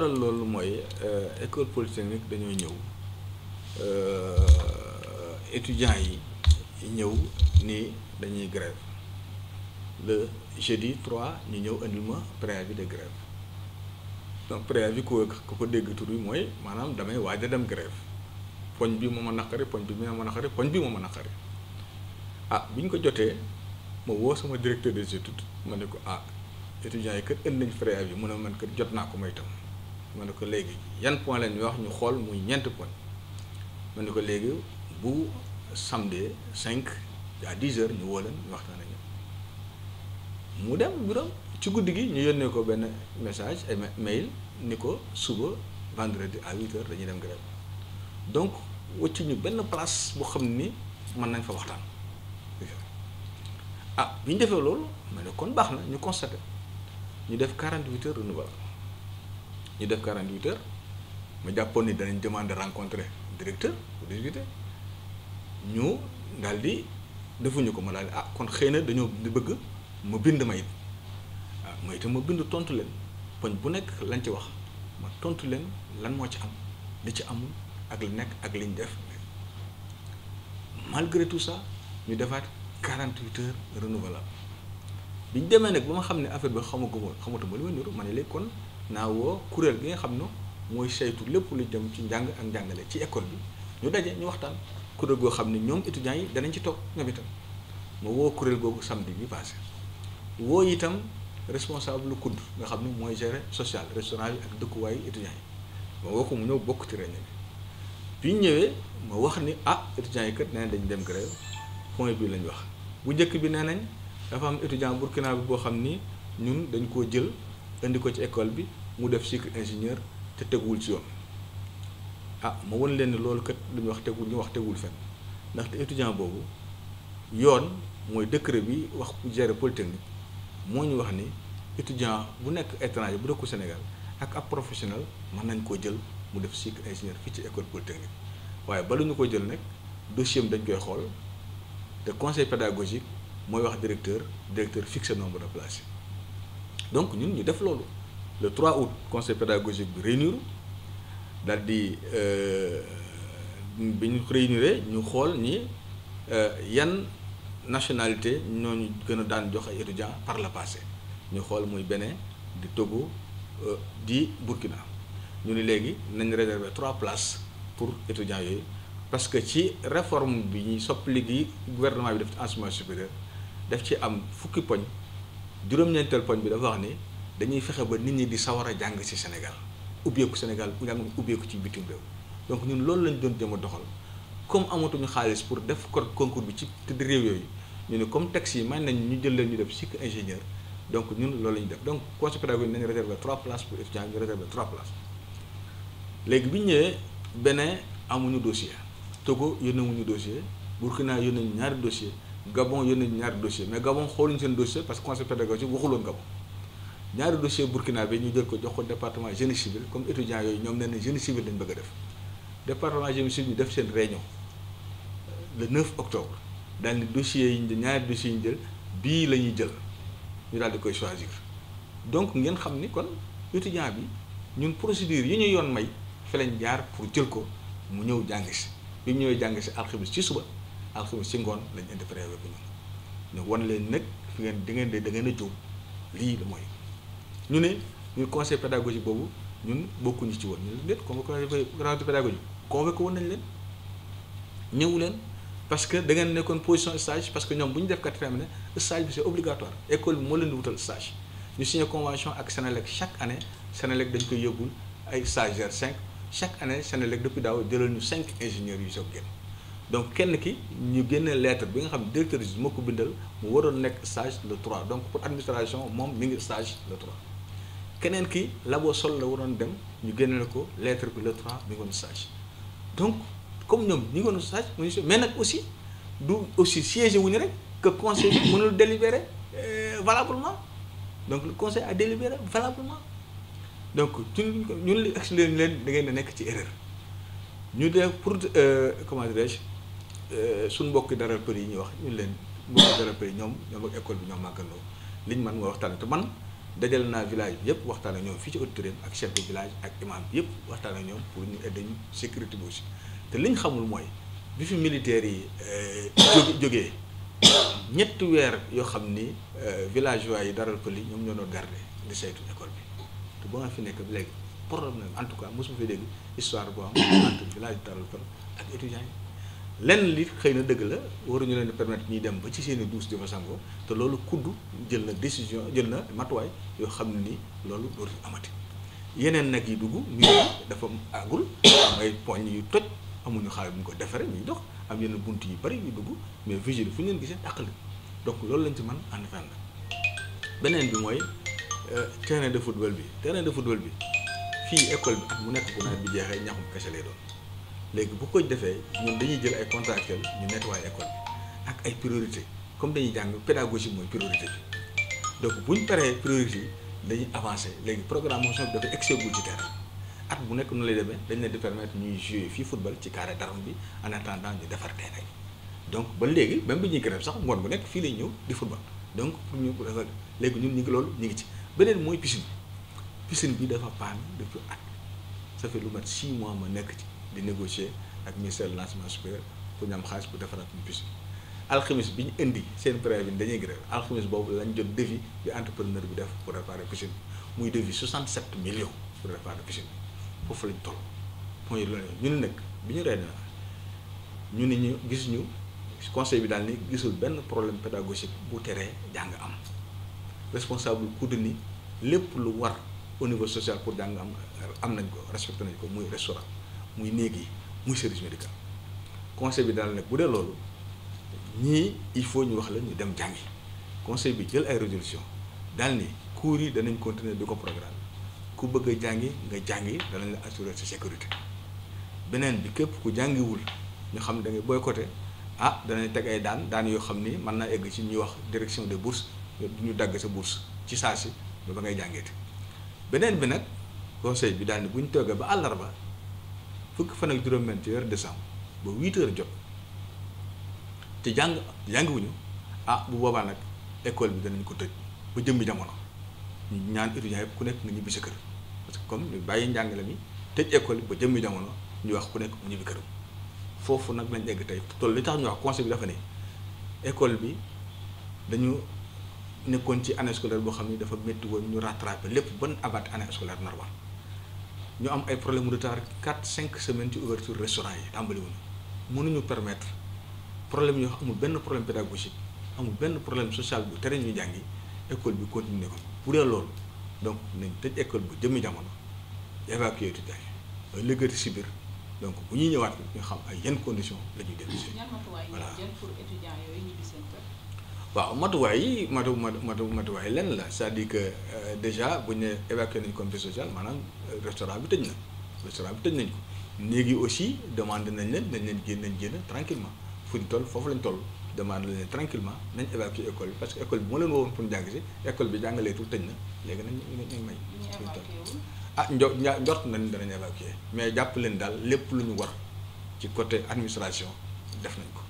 waral loolu mooy euh, école polytechnique dañoo ñëw euh, étudiants yi ñëw ni dañuy grève le jeudi 3 ñu ñëw indil ma préavis de grève donc préavis ku ku ko dégg tur bi mooy maanaam damay waaj a dem grève poñ bi moom ma naqari poñ bi moo ma naqari poñ bi moo a naqari ah bi ñu ko jotee ma woo sama directeur des études ma ne ko ah étudiants yi kat indi nañ préavis mu ne man kat jot naa ko may tam ma ne ko léegi yan point la ñuy wax ñu xool muy ñeenti point ma ne ko léegi bu samedi cinq à 10 heures ñu woo leen ñu waxtaan ak mu dem bureau ci guddi gi ñu yónnee ko benn message ay mail ni ko suba vendredi à 8 heures dañuy dem grève donc wëcc ñu benn place boo xam ni mën nañ fa waxtaan ah bi ñu defee loolu ma ne kon baax na ñu constaté ñu def 48 heures renouvelable ñu def 48 heures ma jàppoon ni danañ demander rencontrer directeur pour discuter ñu daal di defuñu ko ma daal di ah kon xëy na dañoo bëgg ma bind ma it ah ma itam ma bind tontu leen poñ bu nekk lañ ci wax ma tontu leen lan moo ci am li ci amul ak li nekk ak liñ def malgré tout ñu defaat 48 heures renouvelable bi ñu demee nag ba ma xam ne affaire bi xamu ko woon xamatuma li ma niru ma ne léegi kon. naa woo kuréel gi nga xam ne mooy saytu lépp lu jëm ci njàng ak njàngale ci école bi ñu daje ñu waxtaan kuréel goo xam ne ñoom étudiants yi danañ ci toog ñoom itam ma woo kuréel googu samedi bi passé woo itam responsable lu kudd nga xam ne mooy gérer social restaurant yi ak dëkkuwaayu étudiants yi ma woo ko mu ñëw bokk ci réunion bi bi ñëwee ma wax ni ah étudiants yi kat nee dañu dem grève point bii lañ wax bu njëkk bi nee nañ dafa am étudiant burkina boo xam ni ñun dañ koo jël indi ko ci école bi mu def cycle ingénieur te teguwul ci yoon ah ma won leen ne loolu kat lu ñu wax tegul ñu wax tegul fenn ndaxte étudiant boobu yoon mooy décret bi wax bu gérer polytechnique moo ñu wax ni étudiant bu nekk étranger bu dëkku Sénégal ak ab professionnel mën nañ koo jël mu def cycle ingénieur fii ci école polytechnique waaye balu ñu ko jël nag dossier dañ koy xool te conseil pédagogique mooy wax directeur directeur fixe nombre de places donc ñun ñu def loolu. le trois août conseil pédagogique bi réunir daal di euh, bi ñu réuniree ñu xool ni euh, yan nationalité ñooñu gën a daan jox ay étudiants par le passé ñu xool muy beneen di Togo euh, di Burkina ñu ni léegi nañ réserver trois place pour étudiants yooyu parce que ci réforme bi ñuy soppali gi gouvernement bi def ci enseignement supérieur daf ci am fukki poñ juróom-ñeenteel poñ bi dafa wax ni dañuy fexe ba nit ñi di sawar a jàng ci Sénégal ubbeeku Sénégal jàng ubbeeku ci bitim donc ñun loolu lañ doon jëm a doxal comme amatuñu xaalis pour def ko concours bi ci tëdd réew yooyu ñu ne comme texte yi may nañ ñu jël leen ñu def cycle ingénieur donc ñun loolu la def donc conseil pédagogique nañu réserver trois places pour étudiants ñu réserver trois places léegi bi ñëwee Bénin amuñu dossier Togo yónnewuñu dossier Burkina yónneñu ñaari dossier Gabon yónneñu ñaari dossier mais Gabon xooluñu seen dossier parce que conseil pédagogique waxuloon Gabon ñaari dossier burkinabé ñu jël ko jox ko département génie civil comme étudiants yooyu ñoom nee nañ génie civil lañ bëgg a def département génie civil ñu def seen réunion euh, le 9 octobre daal ni dossiers yi ñu ñaari dossiers yi jël bii la ñuy jël ñu daal di koy choisir donc ngeen xam ni kon étudiant bi ñun procédure yi ñu yoon may fi jaar pour jël ko mu ñëw jàng si bi mu ñëwee jàng si alxames ci suba alxames ci ngoon lañ indi préavis bi ñun ñu wan leen nag ngeen di ngeen dee da ngeen a jóg lii la mooy. ñu ne ñun conseil pédagogique boobu ñun bokkuñu ci woon ñu ne comme conseil pédagogique convoqué woon nañ leen ñëw leen parce que da ngeen nekkoon position stage parce que ñoom bu ñu def quatrième année stage bi c'est obligatoire école bi moo leen di wutal stage ñu signé convention ak Sénélec chaque année Sénélec dañ koy yóbbul ay stagiaires cinq chaque année Sénélec depuis daaw jëlal ñu cinq ingénieurs yu soog génn donc kenn ki ñu génne lettre bi nga xam directeur moo ko bindal mu waroon nekk stage le 3 donc pour administration moom mi ngi le 3. keneen ki labo sol la waroon dem ñu la ko lettre bi le 3 mi ngoon stage donc comme ñoom ñi ngoon stage mais nag aussi du aussi siégé wuñu rek que conseil bi mënul délibérer euh, valablement donc le conseil a délibéré donc ñun ñun li expliqué leen da ngeen nekk ci erreur ñu def pour euh, comment dirais-je euh, suñ mbokki dara përi yi ñuy wax ñun leen ñoom ñoom ak école bi ñoom màggandoo liñ man mooy waxtaan te man dajale naa village bi yëpp waxtaan ak ñoom fii ci autorité ak chef de village ak imam bi yëpp waxtaan ak ñoom pour ñu aider sécurité bi si te li ñu xamul mooy bi fi militaires yi euh, jogee ñetti weer yoo xam ni euh, villageois yi dara pëli ñoom ñoo doon garder di saytu école bi te ba nga fi nekk léegi problème en tout cas mosuma fi dégg histoire boo am entre village daral pël ak étudiants lenn li xëy na dëgg la waruñu leen permettre ñuy dem ba ci seen i douche di fa sangoo te loolu kudd jël na décision jël na matuwaay yoo xam ni loolu dootu amati yeneen nag yi dugg ñu dafa àggul ay poñ yu toj amuñu xaal bu ñu ko defaree ñuy dox am yenn bunt yu bari yu dugg mais vigile fu ñu leen gisee dàq donc loolu lañ ci mën en attendant beneen bi mooy euh, terrain de football bi teneen de football bi fii école bi ak mu nekk bu nawet bi jeexee ñaxum kese lay doon. léegi bu ko defee ñun dañuy jël ay contractuels ñu nettoyer école bi ak ay priorité comme dañuy jàng pédagogie mooy priorité bi donc bu ñu paree priorité yi dañuy avancer léegi programmation bi dafa exécuté ci terrain at nekk nu lay demee dañ leen di ñuy jouer fii football ci carré d'arme bi en attendant ñu defar terrain donc ba léegi même bi ñuy grève sax ngoon bu nekk fii lay ñëw di football donc pour ñu defar léegi ñu ñu ngi loolu ñu ngi ci beneen mooy piscine piscine bi dafa panne depuis at ça fait lu mat 6 mois ma nekk ci. di négocier ak ministère de l'enseignement supérieur pour ñu am xaalis bu pour defaraat campus bi alxames bi ñu indi seen bi préavis dañuy grève alxames boobu lañ jot devis bi entrepreneur bi def pour réparer piscine bi muy devis 67 millions pour réparer piscine bi foofu lañ toll mooy loolu ñu ne nag bi ñu réunion ñu ne ñu gis ñu conseil bi daal ni gisul benn problème pédagogique bu teree jàng am responsable kudd ni lépp lu war au niveau social pour jàng am am nañ ko respecté nañ ko muy restaurant muy néeg yi muy service médical conseil bi daal ne bu dee loolu ñii il faut ñu wax lañu dem jàngi conseil bi jël ay résolution daal ni cours yi danañ continuer di ko programme ku bëgg a jàngi nga jàngi danañ assurer sa sécurité beneen bi képp ku jàngiwul ñu xam ne da ngay boycotté ah danañ teg ay daan daan yoo xam ni mën naa egg ci ñuy wax direction des bourses ñu dagg sa bourse ci saa si ba ngay jàngeeti beneen bi nag conseil bi daal ni bu ñu toogee ba àllarba. fukk fan ak juróom-benn ci weeru décembre ba huit jot te jàng jàngiwuñu ah bu boobaa nag ecole bi danañ ko tëj ba jëmmi jamono ñu ñaan étudiants yëpp ku nekk nga ñibbi sa kër parce que comme ñu bàyyi njàngale mi tëj école bi ba jëmmi jamono ñu wax ku nekk mu ñibbi këram foofu nag lañ egg tey toll li tax ñu wax conseil bi dafa ne école bi dañu nekkoon ci année scolaire boo xam ne dafa métti woon ñu rattrapé lépp ban abat année scolaire normale ñu am ay problème mu retard quatre cinq semaines ci ouverture restaurant yi tàmbali wuñu mënuñu permettre problème yoo xam amul benn problème pédagogique amul benn problème social bu tere ñu jàngi école bi continuer ko bu dee loolu donc nañ tëj école bu jëmmi jamono évacuer étudiants yi lëggati si biir donc bu ñuy ñëwaat ñu xam ay yenn conditions la ñuy dellu si. waaw matuwaay yi matu matu matuwaay lenn la c'est-à-dire que euh, déjà bu ñu nee évacué nañu comité social maanaam euh, restaurant bi tëj na restaurant nañ ko néeg yi aussi demande nañ leen nañ leen génn nañ génn tranquillement fu ñu toll foofu lañ toll demande nañ tranquillement nañ évacué école bi parce que école bi moo leen woowoon pour jàng si école bi jàngaleetul tëj na léegi nañ nañ may fu ñu toll ah njo njort nañ danañ évacué mais jàpp leen daal lépp lu ñu war ci côté administration def nañ ko